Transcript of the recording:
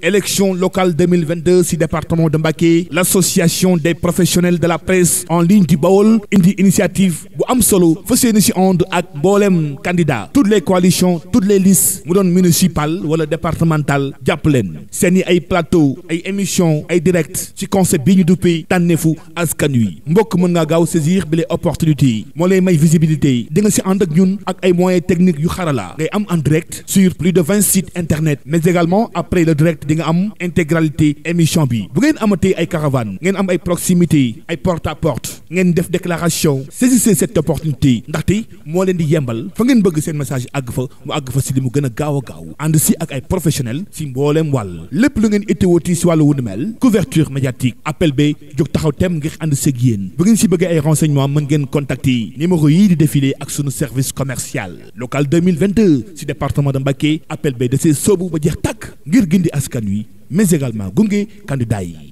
Élection locale 2022 si département de Mbacké l'association des professionnels de la presse en ligne du Baol une initiative bu am solo fa seeni ci candidat toutes les coalitions toutes les listes mu doon ou wala départemental des C'est ni ay plateau ay émission ay direct ci concept bi ñu du pays askan wi mbokk mën ngaa gaaw saisir les opportunités moo lay may visibilité di nga ci ànd ak ñun ak ay moyens techniques yu ngay am en direct sur plus de 20 sites internet mais également après le direct di nga am intégralité émission bi bu ngeen amatee ay caravane ngeen am ay proximité ay porte à porte ngeen def déclaration saisissez cette opportunité ndaxte moo leen di yembal fa ngeen bëgg seen message àgg fa mu àgg fa si li mu gën a gaaw a gaaw ànd si ak ay professionnels si mbooleem wàll lépp lu ngeen itteewooti si wàllu wunu mel couverture médiatique appel b. jóg taxaw tem ngir ànd ak yéen bu ngeen si bëggee ay renseignements mën ngeen contacter numéro yii di défilé ak sunu service commercial local 2022 si département de Mbacké appel b. da see soobu ba jeex tàkk ngir gindi askan wi mais également gunge candidat yi